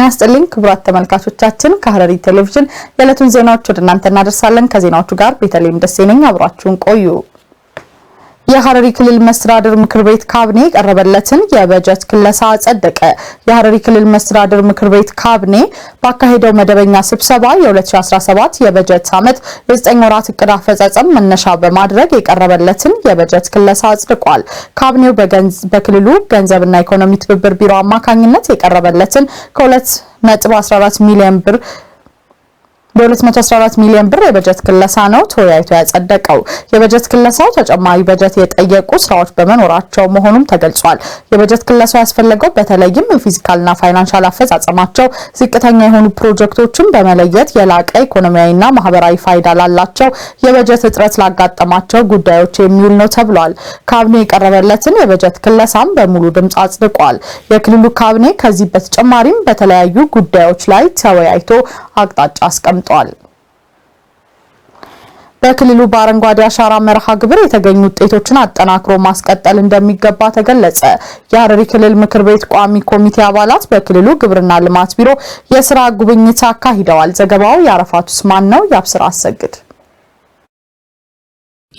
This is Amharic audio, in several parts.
ጤና ይስጥልኝ ክቡራት ተመልካቾቻችን፣ ከሐረሪ ቴሌቪዥን የዕለቱን ዜናዎች ወደ እናንተ እናደርሳለን። ከዜናዎቹ ጋር ቤተልሔም ደሴ ነኝ። አብራችሁን ቆዩ። የሐረሪ ክልል መስተዳድር ምክር ቤት ካቢኔ የቀረበለትን የበጀት ክለሳ ጸደቀ። የሐረሪ ክልል መስተዳድር ምክር ቤት ካቢኔ ባካሄደው መደበኛ ስብሰባ የ2017 የበጀት ዓመት የ9 ወራት እቅድ አፈጻጸም መነሻ በማድረግ የቀረበለትን የበጀት ክለሳ አጽድቋል። ካቢኔው በክልሉ ገንዘብና ኢኮኖሚ ትብብር ቢሮ አማካኝነት የቀረበለትን ከ2.14 ሚሊዮን ብር በ214 ሚሊዮን ብር የበጀት ክለሳ ነው ተወያይቶ ያጸደቀው። የበጀት ክለሳው ተጨማሪ በጀት የጠየቁ ስራዎች በመኖራቸው መሆኑም ተገልጿል። የበጀት ክለሳው ያስፈለገው በተለይም ፊዚካልና ፋይናንሻል አፈጻጸማቸው ዝቅተኛ የሆኑ ፕሮጀክቶችን በመለየት የላቀ ኢኮኖሚያዊና ማህበራዊ ፋይዳ ላላቸው የበጀት እጥረት ላጋጠማቸው ጉዳዮች የሚውል ነው ተብሏል። ካቢኔ የቀረበለትን የበጀት ክለሳም በሙሉ ድምፅ አጽድቋል። የክልሉ ካቢኔ ከዚህ በተጨማሪም በተለያዩ ጉዳዮች ላይ ተወያይቶ አቅጣጫ አስቀምጧል። ተቀምጧል። በክልሉ በአረንጓዴ አሻራ መርሃ ግብር የተገኙ ውጤቶችን አጠናክሮ ማስቀጠል እንደሚገባ ተገለጸ። የሐረሪ ክልል ምክር ቤት ቋሚ ኮሚቴ አባላት በክልሉ ግብርና ልማት ቢሮ የስራ ጉብኝት አካሂደዋል። ዘገባው የአረፋት ኡስማን ነው። ያብስራ አሰግድ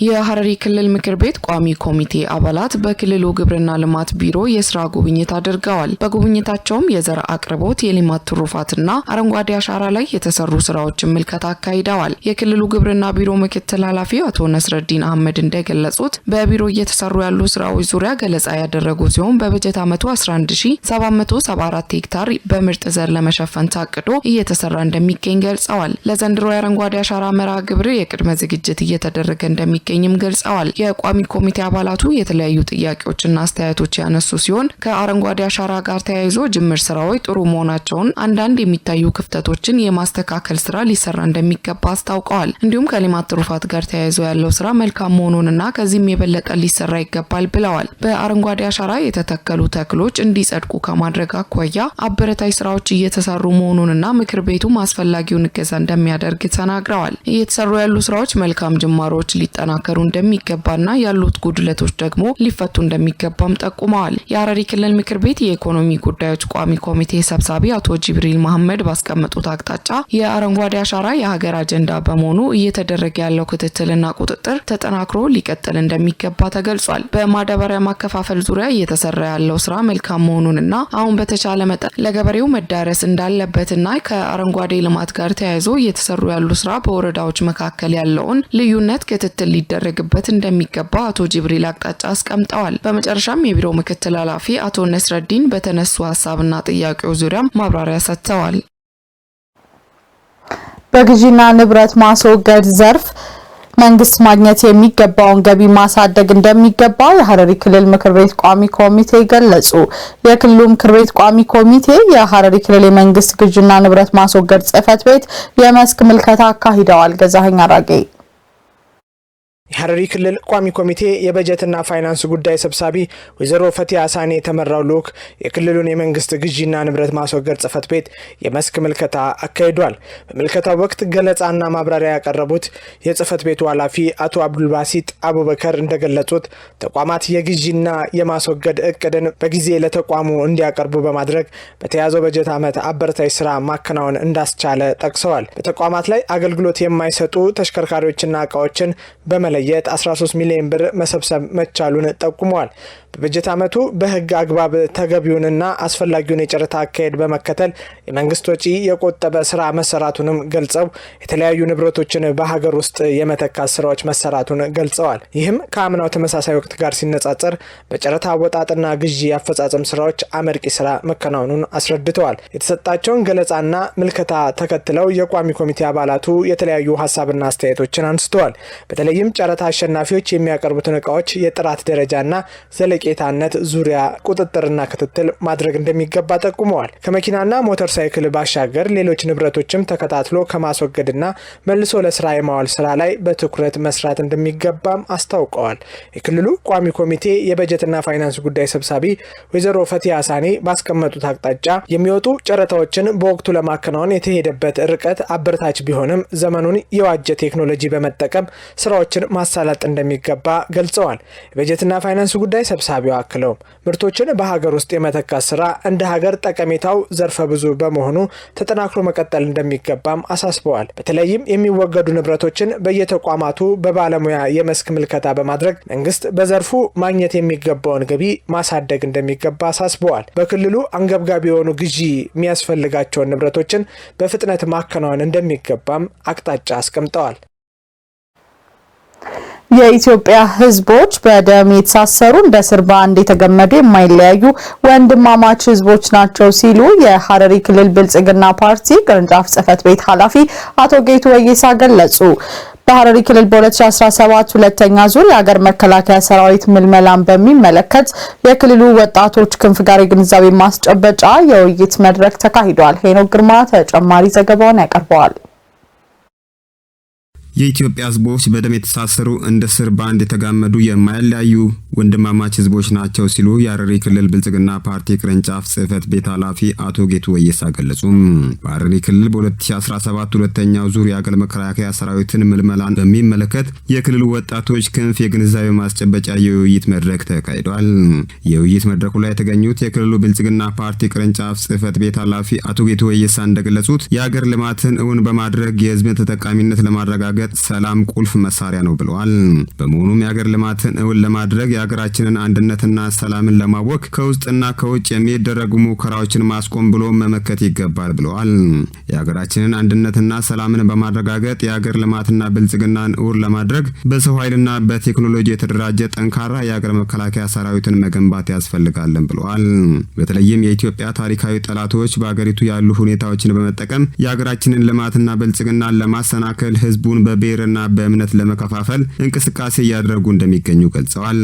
የሐረሪ ክልል ምክር ቤት ቋሚ ኮሚቴ አባላት በክልሉ ግብርና ልማት ቢሮ የስራ ጉብኝት አድርገዋል። በጉብኝታቸውም የዘር አቅርቦት፣ የልማት ትሩፋትና አረንጓዴ አሻራ ላይ የተሰሩ ስራዎችን ምልከታ አካሂደዋል። የክልሉ ግብርና ቢሮ ምክትል ኃላፊ አቶ ነስረዲን አህመድ እንደገለጹት በቢሮ እየተሰሩ ያሉ ስራዎች ዙሪያ ገለጻ ያደረጉ ሲሆን በበጀት ዓመቱ 11774 ሄክታር በምርጥ ዘር ለመሸፈን ታቅዶ እየተሰራ እንደሚገኝ ገልጸዋል። ለዘንድሮ የአረንጓዴ አሻራ መርሃ ግብር የቅድመ ዝግጅት እየተደረገ እንደሚ እንደሚገኝም ገልጸዋል። የቋሚ ኮሚቴ አባላቱ የተለያዩ ጥያቄዎችና አስተያየቶች ያነሱ ሲሆን ከአረንጓዴ አሻራ ጋር ተያይዞ ጅምር ስራዎች ጥሩ መሆናቸውን፣ አንዳንድ የሚታዩ ክፍተቶችን የማስተካከል ስራ ሊሰራ እንደሚገባ አስታውቀዋል። እንዲሁም ከሌማት ትሩፋት ጋር ተያይዞ ያለው ስራ መልካም መሆኑንና ከዚህም የበለጠ ሊሰራ ይገባል ብለዋል። በአረንጓዴ አሻራ የተተከሉ ተክሎች እንዲጸድቁ ከማድረግ አኳያ አበረታይ ስራዎች እየተሰሩ መሆኑንና ምክር ቤቱም አስፈላጊውን እገዛ እንደሚያደርግ ተናግረዋል። እየተሰሩ ያሉ ስራዎች መልካም ጅማሮዎች ሊጠና ሊጠናከሩ እንደሚገባና ያሉት ጉድለቶች ደግሞ ሊፈቱ እንደሚገባም ጠቁመዋል። የሐረሪ ክልል ምክር ቤት የኢኮኖሚ ጉዳዮች ቋሚ ኮሚቴ ሰብሳቢ አቶ ጅብሪል መሐመድ ባስቀመጡት አቅጣጫ የአረንጓዴ አሻራ የሀገር አጀንዳ በመሆኑ እየተደረገ ያለው ክትትልና ቁጥጥር ተጠናክሮ ሊቀጥል እንደሚገባ ተገልጿል። በማዳበሪያ ማከፋፈል ዙሪያ እየተሰራ ያለው ስራ መልካም መሆኑንና አሁን በተቻለ መጠን ለገበሬው መዳረስ እንዳለበትና ከአረንጓዴ ልማት ጋር ተያይዞ እየተሰሩ ያሉ ስራ በወረዳዎች መካከል ያለውን ልዩነት ክትትል ሊደረግበት እንደሚገባ አቶ ጅብሪል አቅጣጫ አስቀምጠዋል። በመጨረሻም የቢሮ ምክትል ኃላፊ አቶ ነስረዲን በተነሱ ሀሳብና ጥያቄው ዙሪያም ማብራሪያ ሰጥተዋል። በግዢና ንብረት ማስወገድ ዘርፍ መንግስት ማግኘት የሚገባውን ገቢ ማሳደግ እንደሚገባ የሀረሪ ክልል ምክር ቤት ቋሚ ኮሚቴ ገለጹ። የክልሉ ምክር ቤት ቋሚ ኮሚቴ የሀረሪ ክልል የመንግስት ግዥና ንብረት ማስወገድ ጽህፈት ቤት የመስክ ምልከታ አካሂደዋል። ገዛኸኝ አራጌ የሐረሪ ክልል ቋሚ ኮሚቴ የበጀትና ፋይናንስ ጉዳይ ሰብሳቢ ወይዘሮ ፈቲያ ሳኔ የተመራው ልዑክ የክልሉን የመንግስት ግዢና ንብረት ማስወገድ ጽፈት ቤት የመስክ ምልከታ አካሂዷል። በምልከታው ወቅት ገለጻና ማብራሪያ ያቀረቡት የጽህፈት ቤቱ ኃላፊ አቶ አብዱልባሲጥ አቡበከር እንደገለጹት ተቋማት የግዢና የማስወገድ እቅድን በጊዜ ለተቋሙ እንዲያቀርቡ በማድረግ በተያዘው በጀት ዓመት አበረታይ ስራ ማከናወን እንዳስቻለ ጠቅሰዋል። በተቋማት ላይ አገልግሎት የማይሰጡ ተሽከርካሪዎችና እቃዎችን በመለ የት 13 ሚሊዮን ብር መሰብሰብ መቻሉን ጠቁመዋል። በጀት ዓመቱ በህግ አግባብ ተገቢውንና አስፈላጊውን የጨረታ አካሄድ በመከተል የመንግስት ወጪ የቆጠበ ስራ መሰራቱንም ገልጸው የተለያዩ ንብረቶችን በሀገር ውስጥ የመተካት ስራዎች መሰራቱን ገልጸዋል። ይህም ከአምናው ተመሳሳይ ወቅት ጋር ሲነጻጸር በጨረታ አወጣጥና ግዢ አፈጻጸም ስራዎች አመርቂ ስራ መከናወኑን አስረድተዋል። የተሰጣቸውን ገለጻና ምልከታ ተከትለው የቋሚ ኮሚቴ አባላቱ የተለያዩ ሀሳብና አስተያየቶችን አንስተዋል። በተለይም ጨረታ አሸናፊዎች የሚያቀርቡትን እቃዎች የጥራት ደረጃና ዘለ ዘለቄታነት ዙሪያ ቁጥጥርና ክትትል ማድረግ እንደሚገባ ጠቁመዋል። ከመኪናና ሞተር ሳይክል ባሻገር ሌሎች ንብረቶችም ተከታትሎ ከማስወገድና መልሶ ለስራ የማዋል ስራ ላይ በትኩረት መስራት እንደሚገባም አስታውቀዋል። የክልሉ ቋሚ ኮሚቴ የበጀትና ፋይናንስ ጉዳይ ሰብሳቢ ወይዘሮ ፈቲያ ሳኒ ባስቀመጡት አቅጣጫ የሚወጡ ጨረታዎችን በወቅቱ ለማከናወን የተሄደበት ርቀት አበረታች ቢሆንም ዘመኑን የዋጀ ቴክኖሎጂ በመጠቀም ስራዎችን ማሳለጥ እንደሚገባ ገልጸዋል። የበጀትና ፋይናንስ ጉዳይ ሰብሳቢ ሰብሳቢው አክለው ምርቶችን በሀገር ውስጥ የመተካት ስራ እንደ ሀገር ጠቀሜታው ዘርፈ ብዙ በመሆኑ ተጠናክሮ መቀጠል እንደሚገባም አሳስበዋል። በተለይም የሚወገዱ ንብረቶችን በየተቋማቱ በባለሙያ የመስክ ምልከታ በማድረግ መንግስት በዘርፉ ማግኘት የሚገባውን ገቢ ማሳደግ እንደሚገባ አሳስበዋል። በክልሉ አንገብጋቢ የሆኑ ግዢ የሚያስፈልጋቸውን ንብረቶችን በፍጥነት ማከናወን እንደሚገባም አቅጣጫ አስቀምጠዋል። የኢትዮጵያ ሕዝቦች በደም የተሳሰሩ እንደ ስር በአንድ የተገመዱ የማይለያዩ ወንድማማች ሕዝቦች ናቸው ሲሉ የሀረሪ ክልል ብልጽግና ፓርቲ ቅርንጫፍ ጽህፈት ቤት ኃላፊ አቶ ጌቱ ወይሳ ገለጹ። በሀረሪ ክልል በ2017 ሁለተኛ ዙር የሀገር መከላከያ ሰራዊት ምልመላን በሚመለከት የክልሉ ወጣቶች ክንፍ ጋር የግንዛቤ ማስጨበጫ የውይይት መድረክ ተካሂዷል። ሄኖክ ግርማ ተጨማሪ ዘገባውን ያቀርበዋል። የኢትዮጵያ ህዝቦች በደም የተሳሰሩ እንደ ስር በአንድ የተጋመዱ የማይለያዩ ወንድማማች ህዝቦች ናቸው ሲሉ የሀረሪ ክልል ብልጽግና ፓርቲ ቅርንጫፍ ጽህፈት ቤት ኃላፊ አቶ ጌቱ ወየሳ ገለጹም። በሀረሪ ክልል በ2017 ሁለተኛው ዙር የአገር መከላከያ ሰራዊትን ምልመላን በሚመለከት የክልሉ ወጣቶች ክንፍ የግንዛቤ ማስጨበጫ የውይይት መድረክ ተካሂዷል። የውይይት መድረኩ ላይ የተገኙት የክልሉ ብልጽግና ፓርቲ ቅርንጫፍ ጽህፈት ቤት ኃላፊ አቶ ጌቱ ወየሳ እንደገለጹት የአገር ልማትን እውን በማድረግ የህዝብን ተጠቃሚነት ለማረጋገጥ ማረጋገጥ ሰላም ቁልፍ መሳሪያ ነው ብለዋል። በመሆኑም የአገር ልማትን እውን ለማድረግ የሀገራችንን አንድነትና ሰላምን ለማወክ ከውስጥና ከውጭ የሚደረጉ ሙከራዎችን ማስቆም ብሎ መመከት ይገባል ብለዋል። የሀገራችንን አንድነትና ሰላምን በማረጋገጥ የአገር ልማትና ብልጽግናን እውን ለማድረግ በሰው ኃይልና በቴክኖሎጂ የተደራጀ ጠንካራ የአገር መከላከያ ሰራዊትን መገንባት ያስፈልጋለን ብለዋል። በተለይም የኢትዮጵያ ታሪካዊ ጠላቶች በአገሪቱ ያሉ ሁኔታዎችን በመጠቀም የሀገራችንን ልማትና ብልጽግናን ለማሰናከል ህዝቡን በብሔርና በእምነት ለመከፋፈል እንቅስቃሴ እያደረጉ እንደሚገኙ ገልጸዋል።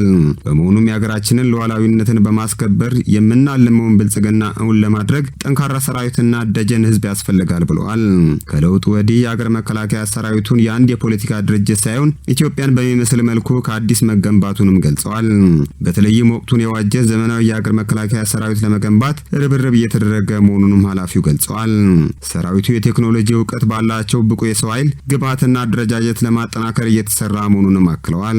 በመሆኑም የሀገራችንን ሉዓላዊነትን በማስከበር የምናልመውን ብልጽግና እውን ለማድረግ ጠንካራ ሰራዊትና ደጀን ህዝብ ያስፈልጋል ብለዋል። ከለውጡ ወዲህ የአገር መከላከያ ሰራዊቱን የአንድ የፖለቲካ ድርጅት ሳይሆን ኢትዮጵያን በሚመስል መልኩ ከአዲስ መገንባቱንም ገልጸዋል። በተለይም ወቅቱን የዋጀ ዘመናዊ የአገር መከላከያ ሰራዊት ለመገንባት ርብርብ እየተደረገ መሆኑንም ኃላፊው ገልጸዋል። ሰራዊቱ የቴክኖሎጂ እውቀት ባላቸው ብቁ የሰው ኃይል ግብዓትና አደረጃጀት ለማጠናከር እየተሰራ መሆኑንም አክለዋል።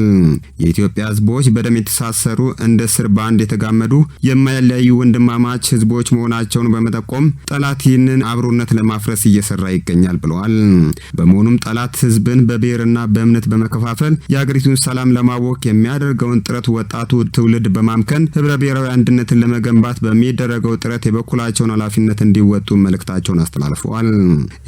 የኢትዮጵያ ህዝቦች በደም የተሳሰሩ እንደ ስር በአንድ የተጋመዱ የማይለያዩ ወንድማማች ህዝቦች መሆናቸውን በመጠቆም ጠላት ይህንን አብሮነት ለማፍረስ እየሰራ ይገኛል ብለዋል። በመሆኑም ጠላት ህዝብን በብሔርና በእምነት በመከፋፈል የአገሪቱን ሰላም ለማወክ የሚያደርገውን ጥረት ወጣቱ ትውልድ በማምከን ህብረ ብሔራዊ አንድነትን ለመገንባት በሚደረገው ጥረት የበኩላቸውን ኃላፊነት እንዲወጡ መልእክታቸውን አስተላልፈዋል።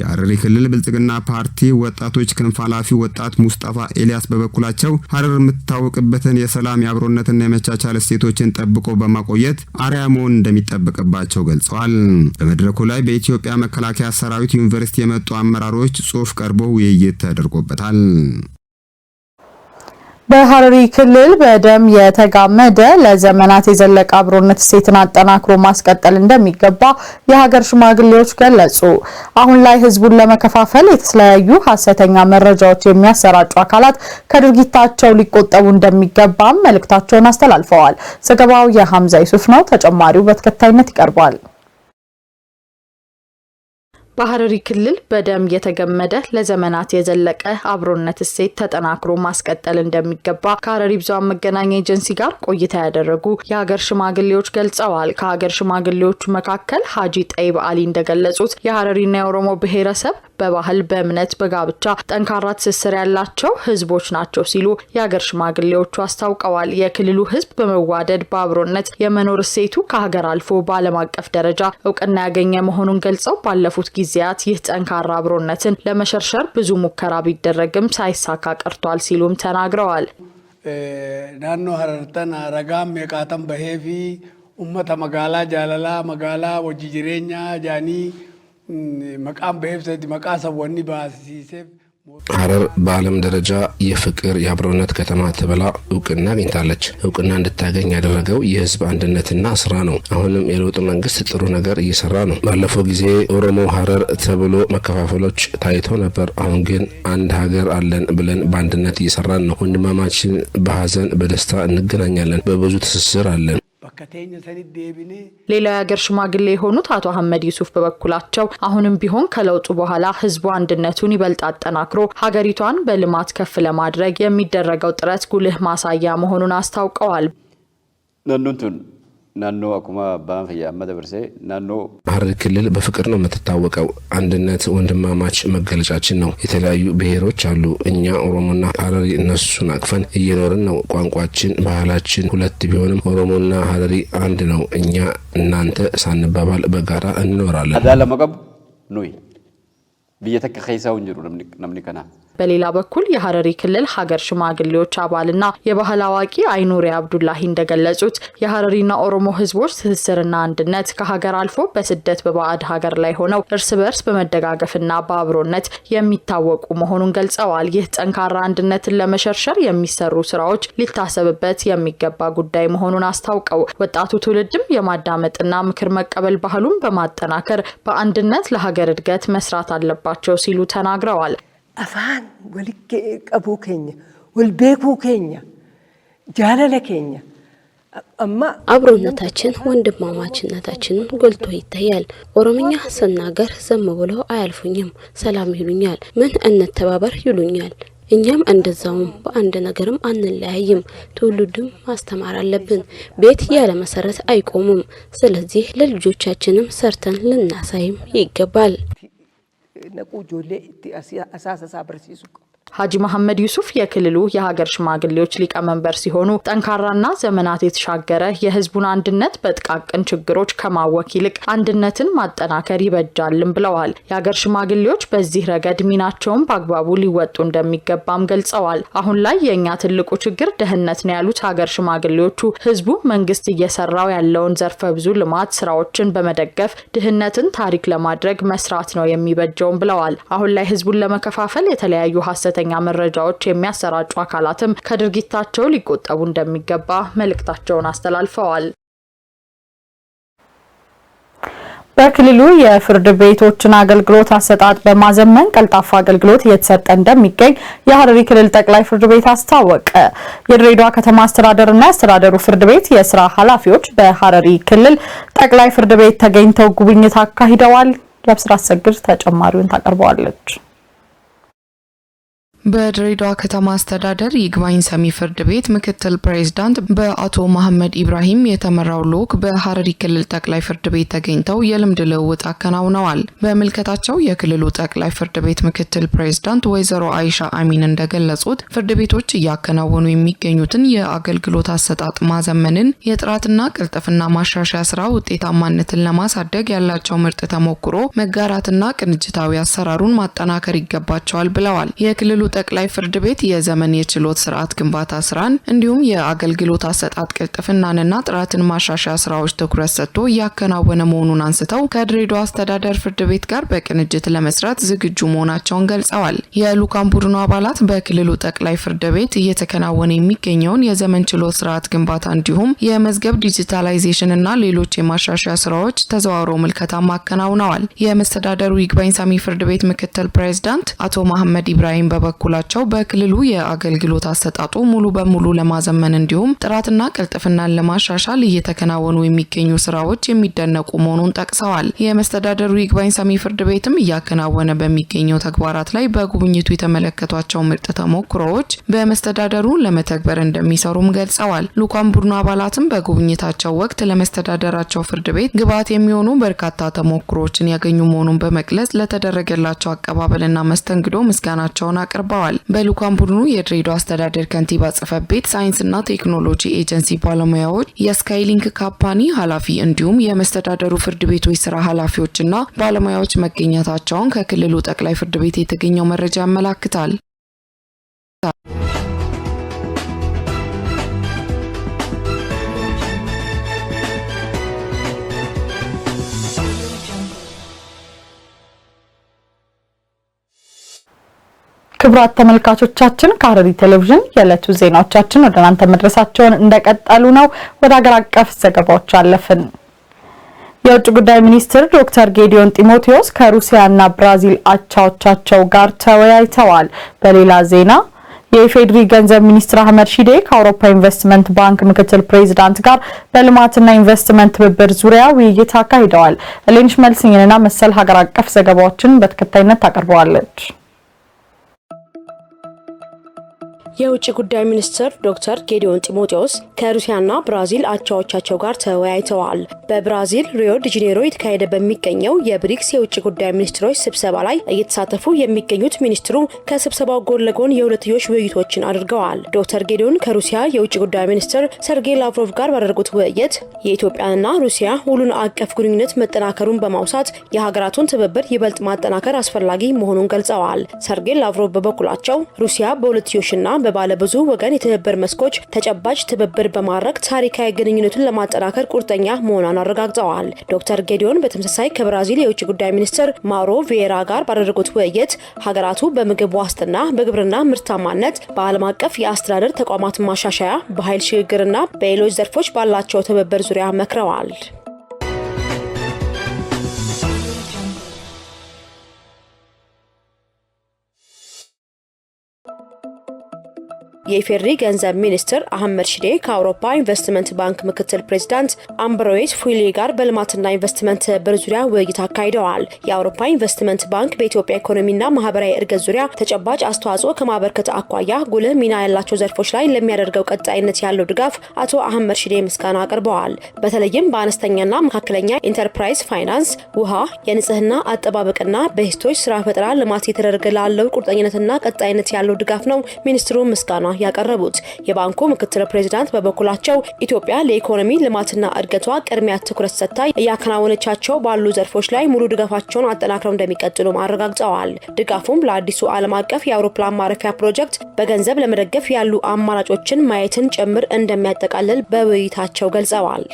የአረሪ ክልል ብልጽግና ፓርቲ ወጣቶች ክንፋ ኃላፊው ወጣት ሙስጠፋ ኤልያስ በበኩላቸው ሀረር የምትታወቅበትን የሰላም የአብሮነትና የመቻቻል እሴቶችን ጠብቆ በማቆየት አርያ መሆን እንደሚጠበቅባቸው ገልጸዋል። በመድረኩ ላይ በኢትዮጵያ መከላከያ ሰራዊት ዩኒቨርሲቲ የመጡ አመራሮች ጽሑፍ ቀርቦ ውይይት ተደርጎበታል። በሐረሪ ክልል በደም የተጋመደ ለዘመናት የዘለቀ አብሮነት እሴትን አጠናክሮ ማስቀጠል እንደሚገባ የሀገር ሽማግሌዎች ገለጹ። አሁን ላይ ህዝቡን ለመከፋፈል የተለያዩ ሀሰተኛ መረጃዎች የሚያሰራጩ አካላት ከድርጊታቸው ሊቆጠቡ እንደሚገባም መልእክታቸውን አስተላልፈዋል። ዘገባው የሐምዛ ይሱፍ ነው። ተጨማሪው በተከታይነት ይቀርባል። በሐረሪ ክልል በደም የተገመደ ለዘመናት የዘለቀ አብሮነት እሴት ተጠናክሮ ማስቀጠል እንደሚገባ ከሐረሪ ብዙኃን መገናኛ ኤጀንሲ ጋር ቆይታ ያደረጉ የሀገር ሽማግሌዎች ገልጸዋል። ከሀገር ሽማግሌዎቹ መካከል ሀጂ ጠይብ አሊ እንደገለጹት የሐረሪና የኦሮሞ ብሔረሰብ በባህል፣ በእምነት፣ በጋብቻ ጠንካራ ትስስር ያላቸው ህዝቦች ናቸው ሲሉ የሀገር ሽማግሌዎቹ አስታውቀዋል። የክልሉ ህዝብ በመዋደድ በአብሮነት የመኖር እሴቱ ከሀገር አልፎ በዓለም አቀፍ ደረጃ እውቅና ያገኘ መሆኑን ገልጸው ባለፉት ጊዜ ጊዜያት ይህ ጠንካራ አብሮነትን ለመሸርሸር ብዙ ሙከራ ቢደረግም ሳይሳካ ቀርቷል ሲሉም ተናግረዋል። ናኖ ሀረርተን ረጋም የቃተም በሄፊ ኡመተ መጋላ ጃለላ መጋላ ወጅ ጅሬኛ ጃኒ መቃም በሄፍሰቲ መቃ ሰወኒ ባሲሴፍ ሀረር በዓለም ደረጃ የፍቅር የአብሮነት ከተማ ተብላ እውቅና አግኝታለች። እውቅና እንድታገኝ ያደረገው የህዝብ አንድነትና ስራ ነው። አሁንም የለውጥ መንግስት ጥሩ ነገር እየሰራ ነው። ባለፈው ጊዜ ኦሮሞ ሀረር ተብሎ መከፋፈሎች ታይተው ነበር። አሁን ግን አንድ ሀገር አለን ብለን በአንድነት እየሰራን ነው። ወንድማማችን በሀዘን በደስታ እንገናኛለን። በብዙ ትስስር አለን። ሌላው የአገር ሽማግሌ የሆኑት አቶ አህመድ ዩሱፍ በበኩላቸው አሁንም ቢሆን ከለውጡ በኋላ ህዝቡ አንድነቱን ይበልጥ አጠናክሮ ሀገሪቷን በልማት ከፍ ለማድረግ የሚደረገው ጥረት ጉልህ ማሳያ መሆኑን አስታውቀዋል። ናኖ አኩማ አባን ፈያማ ናኖ ሐረሪ ክልል በፍቅር ነው የምትታወቀው። አንድነት ወንድማማች መገለጫችን ነው። የተለያዩ ብሔሮች አሉ። እኛ ኦሮሞና ሐረሪ እነሱን አቅፈን እየኖርን ነው። ቋንቋችን፣ ባህላችን ሁለት ቢሆንም ኦሮሞና ሐረሪ አንድ ነው። እኛ እናንተ ሳንባባል በጋራ እንኖራለን። አዳ ለመቀብ ኑይ ብየተከ ከይሳውን ነምኒከና በሌላ በኩል የሀረሪ ክልል ሀገር ሽማግሌዎች አባልና የባህል አዋቂ አይኑሪ አብዱላሂ እንደገለጹት የሀረሪና ኦሮሞ ህዝቦች ትስስርና አንድነት ከሀገር አልፎ በስደት በባዕድ ሀገር ላይ ሆነው እርስ በርስ በመደጋገፍና በአብሮነት የሚታወቁ መሆኑን ገልጸዋል። ይህ ጠንካራ አንድነትን ለመሸርሸር የሚሰሩ ስራዎች ሊታሰብበት የሚገባ ጉዳይ መሆኑን አስታውቀው ወጣቱ ትውልድም የማዳመጥና ምክር መቀበል ባህሉን በማጠናከር በአንድነት ለሀገር እድገት መስራት አለባቸው ሲሉ ተናግረዋል። afaan wali qabuu keenya wal beekuu keenya jaalala keኛ አብሮነታችን ወንድማማችነታችንን ጎልቶ ይታያል። ኦሮምኛ ስናገር ዘም ብሎ አያልፉኝም፣ ሰላም ይሉኛል፣ ምን እንተባበር ይሉኛል። እኛም እንደዛውም በአንድ ነገርም አንለያይም። ትውልድም ማስተማር አለብን። ቤት ያለ መሰረት አይቆምም። ስለዚህ ለልጆቻችንም ሰርተን ልናሳይም ይገባል። naquu ijoollee itti asaasa isaa barsiisuu ሀጂ መሐመድ ዩሱፍ የክልሉ የሀገር ሽማግሌዎች ሊቀመንበር ሲሆኑ ጠንካራና ዘመናት የተሻገረ የህዝቡን አንድነት በጥቃቅን ችግሮች ከማወክ ይልቅ አንድነትን ማጠናከር ይበጃልም ብለዋል። የሀገር ሽማግሌዎች በዚህ ረገድ ሚናቸውን በአግባቡ ሊወጡ እንደሚገባም ገልጸዋል። አሁን ላይ የእኛ ትልቁ ችግር ድህነት ነው ያሉት ሀገር ሽማግሌዎቹ ህዝቡ መንግስት እየሰራው ያለውን ዘርፈ ብዙ ልማት ስራዎችን በመደገፍ ድህነትን ታሪክ ለማድረግ መስራት ነው የሚበጀውም ብለዋል። አሁን ላይ ህዝቡን ለመከፋፈል የተለያዩ ሀሰተ ሐሰተኛ መረጃዎች የሚያሰራጩ አካላትም ከድርጊታቸው ሊቆጠቡ እንደሚገባ መልእክታቸውን አስተላልፈዋል። በክልሉ የፍርድ ቤቶችን አገልግሎት አሰጣጥ በማዘመን ቀልጣፋ አገልግሎት እየተሰጠ እንደሚገኝ የሐረሪ ክልል ጠቅላይ ፍርድ ቤት አስታወቀ። የድሬዳዋ ከተማ አስተዳደርና የአስተዳደሩ ፍርድ ቤት የስራ ኃላፊዎች በሐረሪ ክልል ጠቅላይ ፍርድ ቤት ተገኝተው ጉብኝት አካሂደዋል። ለብስራት ሰግድ ተጨማሪውን ታቀርበዋለች። በድሬዳዋ ከተማ አስተዳደር ይግባኝ ሰሚ ፍርድ ቤት ምክትል ፕሬዝዳንት በአቶ መሐመድ ኢብራሂም የተመራው ልዑክ በሐረሪ ክልል ጠቅላይ ፍርድ ቤት ተገኝተው የልምድ ልውውጥ አከናውነዋል። በምልከታቸው የክልሉ ጠቅላይ ፍርድ ቤት ምክትል ፕሬዝዳንት ወይዘሮ አይሻ አሚን እንደገለጹት ፍርድ ቤቶች እያከናወኑ የሚገኙትን የአገልግሎት አሰጣጥ ማዘመንን፣ የጥራትና ቅልጥፍና ማሻሻያ ስራ ውጤታማነትን ለማሳደግ ያላቸው ምርጥ ተሞክሮ መጋራትና ቅንጅታዊ አሰራሩን ማጠናከር ይገባቸዋል ብለዋል። የክልሉ ጠቅላይ ፍርድ ቤት የዘመን የችሎት ስርዓት ግንባታ ስራን እንዲሁም የአገልግሎት አሰጣጥ ቅልጥፍናንና ጥራትን ማሻሻያ ስራዎች ትኩረት ሰጥቶ እያከናወነ መሆኑን አንስተው ከድሬዳዋ አስተዳደር ፍርድ ቤት ጋር በቅንጅት ለመስራት ዝግጁ መሆናቸውን ገልጸዋል። የልዑካን ቡድኑ አባላት በክልሉ ጠቅላይ ፍርድ ቤት እየተከናወነ የሚገኘውን የዘመን ችሎት ስርዓት ግንባታ እንዲሁም የመዝገብ ዲጂታላይዜሽን እና ሌሎች የማሻሻያ ስራዎች ተዘዋውረው ምልከታም አከናውነዋል። የመስተዳደሩ ይግባኝ ሰሚ ፍርድ ቤት ምክትል ፕሬዝዳንት አቶ መሐመድ ኢብራሂም በበኩ በበኩላቸው በክልሉ የአገልግሎት አሰጣጡ ሙሉ በሙሉ ለማዘመን እንዲሁም ጥራትና ቅልጥፍናን ለማሻሻል እየተከናወኑ የሚገኙ ስራዎች የሚደነቁ መሆኑን ጠቅሰዋል። የመስተዳደሩ ይግባኝ ሰሚ ፍርድ ቤትም እያከናወነ በሚገኘው ተግባራት ላይ በጉብኝቱ የተመለከቷቸው ምርጥ ተሞክሮዎች በመስተዳደሩ ለመተግበር እንደሚሰሩም ገልጸዋል። ልዑካን ቡድኑ አባላትም በጉብኝታቸው ወቅት ለመስተዳደራቸው ፍርድ ቤት ግብዓት የሚሆኑ በርካታ ተሞክሮዎችን ያገኙ መሆኑን በመግለጽ ለተደረገላቸው አቀባበልና መስተንግዶ ምስጋናቸውን አቅርበዋል። አቅርበዋል። በልዑካን ቡድኑ የድሬዳዋ አስተዳደር ከንቲባ ጽፈት ቤት ሳይንስና ቴክኖሎጂ ኤጀንሲ ባለሙያዎች፣ የስካይሊንክ ካምፓኒ ኃላፊ እንዲሁም የመስተዳደሩ ፍርድ ቤቶች ስራ ኃላፊዎችና ባለሙያዎች መገኘታቸውን ከክልሉ ጠቅላይ ፍርድ ቤት የተገኘው መረጃ ያመላክታል። ክብራት ተመልካቾቻችን ከሐረሪ ቴሌቪዥን የዕለቱ ዜናዎቻችን ወደ እናንተ መድረሳቸውን እንደቀጠሉ ነው። ወደ ሀገር አቀፍ ዘገባዎች አለፍን። የውጭ ጉዳይ ሚኒስትር ዶክተር ጌዲዮን ጢሞቴዎስ ከሩሲያና ብራዚል አቻዎቻቸው ጋር ተወያይተዋል። በሌላ ዜና የኢፌዴሪ ገንዘብ ሚኒስትር አህመድ ሺዴ ከአውሮፓ ኢንቨስትመንት ባንክ ምክትል ፕሬዚዳንት ጋር በልማትና ኢንቨስትመንት ትብብር ዙሪያ ውይይት አካሂደዋል። ሌንሽ መልስኝንና መሰል ሀገር አቀፍ ዘገባዎችን በተከታይነት ታቀርበዋለች። የውጭ ጉዳይ ሚኒስትር ዶክተር ጌዲዮን ጢሞቴዎስ ከሩሲያና ብራዚል አቻዎቻቸው ጋር ተወያይተዋል። በብራዚል ሪዮ ዲጄኔሮ የተካሄደ በሚገኘው የብሪክስ የውጭ ጉዳይ ሚኒስትሮች ስብሰባ ላይ እየተሳተፉ የሚገኙት ሚኒስትሩ ከስብሰባው ጎን ለጎን የሁለትዮሽ ውይይቶችን አድርገዋል። ዶክተር ጌዲዮን ከሩሲያ የውጭ ጉዳይ ሚኒስትር ሰርጌይ ላቭሮቭ ጋር ባደረጉት ውይይት የኢትዮጵያና ሩሲያ ሁሉን አቀፍ ግንኙነት መጠናከሩን በማውሳት የሀገራቱን ትብብር ይበልጥ ማጠናከር አስፈላጊ መሆኑን ገልጸዋል። ሰርጌይ ላቭሮቭ በበኩላቸው ሩሲያ በሁለትዮሽና በማቋቋም በባለብዙ ወገን የትብብር መስኮች ተጨባጭ ትብብር በማድረግ ታሪካዊ ግንኙነቱን ለማጠናከር ቁርጠኛ መሆኗን አረጋግጠዋል። ዶክተር ጌዲዮን በተመሳሳይ ከብራዚል የውጭ ጉዳይ ሚኒስትር ማሮ ቪዬራ ጋር ባደረጉት ውይይት ሀገራቱ በምግብ ዋስትና፣ በግብርና ምርታማነት፣ በዓለም አቀፍ የአስተዳደር ተቋማት ማሻሻያ፣ በኃይል ሽግግርና በሌሎች ዘርፎች ባላቸው ትብብር ዙሪያ መክረዋል። የኢፌዴሪ ገንዘብ ሚኒስትር አህመድ ሽዴ ከአውሮፓ ኢንቨስትመንት ባንክ ምክትል ፕሬዚዳንት አምብሮዌት ፉሌ ጋር በልማትና ኢንቨስትመንት ትብብር ዙሪያ ውይይት አካሂደዋል። የአውሮፓ ኢንቨስትመንት ባንክ በኢትዮጵያ ኢኮኖሚና ማህበራዊ እድገት ዙሪያ ተጨባጭ አስተዋጽኦ ከማበርከት አኳያ ጉልህ ሚና ያላቸው ዘርፎች ላይ ለሚያደርገው ቀጣይነት ያለው ድጋፍ አቶ አህመድ ሽዴ ምስጋና አቅርበዋል። በተለይም በአነስተኛና መካከለኛ ኢንተርፕራይዝ ፋይናንስ፣ ውሃ፣ የንጽህና አጠባበቅና በሴቶች ስራ ፈጠራ ልማት የተደረገ ላለው ቁርጠኝነትና ቀጣይነት ያለው ድጋፍ ነው ሚኒስትሩ ምስጋና ያቀረቡት። የባንኩ ምክትል ፕሬዚዳንት በበኩላቸው ኢትዮጵያ ለኢኮኖሚ ልማትና እድገቷ ቅድሚያ ትኩረት ሰጥታ እያከናወነቻቸው ባሉ ዘርፎች ላይ ሙሉ ድጋፋቸውን አጠናክረው እንደሚቀጥሉ አረጋግጠዋል። ድጋፉም ለአዲሱ ዓለም አቀፍ የአውሮፕላን ማረፊያ ፕሮጀክት በገንዘብ ለመደገፍ ያሉ አማራጮችን ማየትን ጭምር እንደሚያጠቃልል በውይይታቸው ገልጸዋል።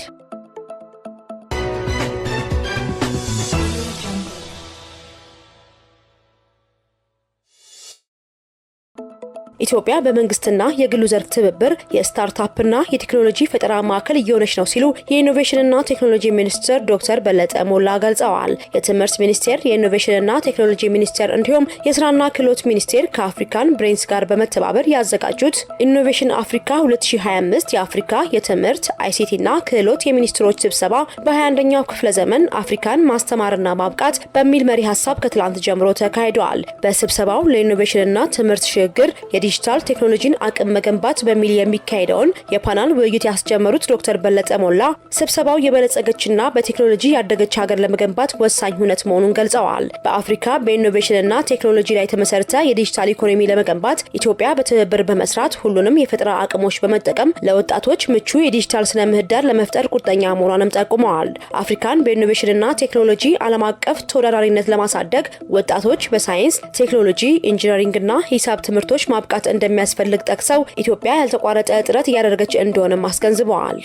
ኢትዮጵያ በመንግስትና የግሉ ዘርፍ ትብብር የስታርታፕና የቴክኖሎጂ ፈጠራ ማዕከል እየሆነች ነው ሲሉ የኢኖቬሽንና ቴክኖሎጂ ሚኒስትር ዶክተር በለጠ ሞላ ገልጸዋል። የትምህርት ሚኒስቴር፣ የኢኖቬሽንና ቴክኖሎጂ ሚኒስቴር እንዲሁም የስራና ክህሎት ሚኒስቴር ከአፍሪካን ብሬንስ ጋር በመተባበር ያዘጋጁት ኢኖቬሽን አፍሪካ 2025 የአፍሪካ የትምህርት አይሲቲና ክህሎት የሚኒስትሮች ስብሰባ በ21ኛው ክፍለ ዘመን አፍሪካን ማስተማርና ማብቃት በሚል መሪ ሀሳብ ከትላንት ጀምሮ ተካሂደዋል። በስብሰባው ለኢኖቬሽንና ትምህርት ሽግግር ዲጂታል ቴክኖሎጂን አቅም መገንባት በሚል የሚካሄደውን የፓናል ውይይት ያስጀመሩት ዶክተር በለጠ ሞላ ስብሰባው የበለጸገችና በቴክኖሎጂ ያደገች ሀገር ለመገንባት ወሳኝ ሁነት መሆኑን ገልጸዋል። በአፍሪካ በኢኖቬሽንና ቴክኖሎጂ ላይ የተመሰረተ የዲጂታል ኢኮኖሚ ለመገንባት ኢትዮጵያ በትብብር በመስራት ሁሉንም የፈጠራ አቅሞች በመጠቀም ለወጣቶች ምቹ የዲጂታል ስነ ምህዳር ለመፍጠር ቁርጠኛ መሆኗንም ጠቁመዋል። አፍሪካን በኢኖቬሽንና ቴክኖሎጂ ዓለም አቀፍ ተወዳዳሪነት ለማሳደግ ወጣቶች በሳይንስ ቴክኖሎጂ፣ ኢንጂነሪንግና ሂሳብ ትምህርቶች ማብቃት ጥረት እንደሚያስፈልግ ጠቅሰው ኢትዮጵያ ያልተቋረጠ ጥረት እያደረገች እንደሆነም አስገንዝበዋል።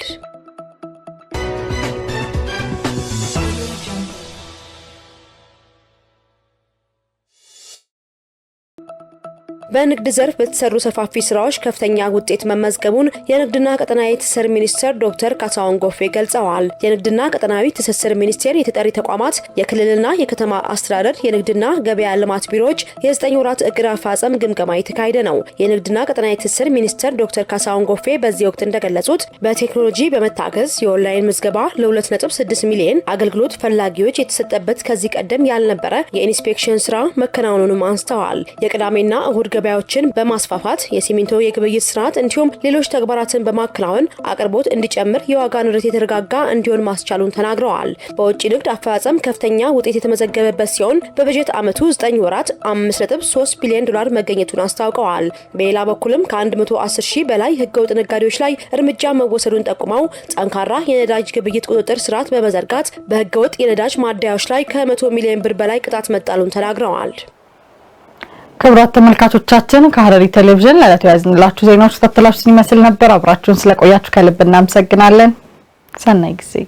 በንግድ ዘርፍ በተሰሩ ሰፋፊ ስራዎች ከፍተኛ ውጤት መመዝገቡን የንግድና ቀጠናዊ ትስስር ሚኒስትር ዶክተር ካሳሁን ጎፌ ገልጸዋል። የንግድና ቀጠናዊ ትስስር ሚኒስቴር የተጠሪ ተቋማት፣ የክልልና የከተማ አስተዳደር የንግድና ገበያ ልማት ቢሮዎች የዘጠኝ ወራት እቅድ አፈጻጸም ግምገማ የተካሄደ ነው። የንግድና ቀጠናዊ ትስስር ሚኒስትር ዶክተር ካሳሁን ጎፌ በዚህ ወቅት እንደገለጹት በቴክኖሎጂ በመታገዝ የኦንላይን ምዝገባ ለ2.6 ሚሊዮን አገልግሎት ፈላጊዎች የተሰጠበት ከዚህ ቀደም ያልነበረ የኢንስፔክሽን ስራ መከናወኑንም አንስተዋል። የቅዳሜና እሁድ ገበያዎችን በማስፋፋት የሲሚንቶ የግብይት ስርዓት እንዲሁም ሌሎች ተግባራትን በማከናወን አቅርቦት እንዲጨምር የዋጋ ንረት የተረጋጋ እንዲሆን ማስቻሉን ተናግረዋል። በውጭ ንግድ አፈጻጸም ከፍተኛ ውጤት የተመዘገበበት ሲሆን በበጀት ዓመቱ 9 ወራት 5.3 ቢሊዮን ዶላር መገኘቱን አስታውቀዋል። በሌላ በኩልም ከ110 ሺህ በላይ ህገወጥ ነጋዴዎች ላይ እርምጃ መወሰዱን ጠቁመው ጠንካራ የነዳጅ ግብይት ቁጥጥር ስርዓት በመዘርጋት በህገወጥ የነዳጅ ማደያዎች ላይ ከ100 ሚሊዮን ብር በላይ ቅጣት መጣሉን ተናግረዋል። ክብራት ተመልካቾቻችን ከሐረሪ ቴሌቪዥን ለዕለቱ ያዝንላችሁ ዜናዎች ተተላችሁ ይመስል ነበር። አብራችሁን ስለቆያችሁ ከልብ እናመሰግናለን። ሰናይ ጊዜ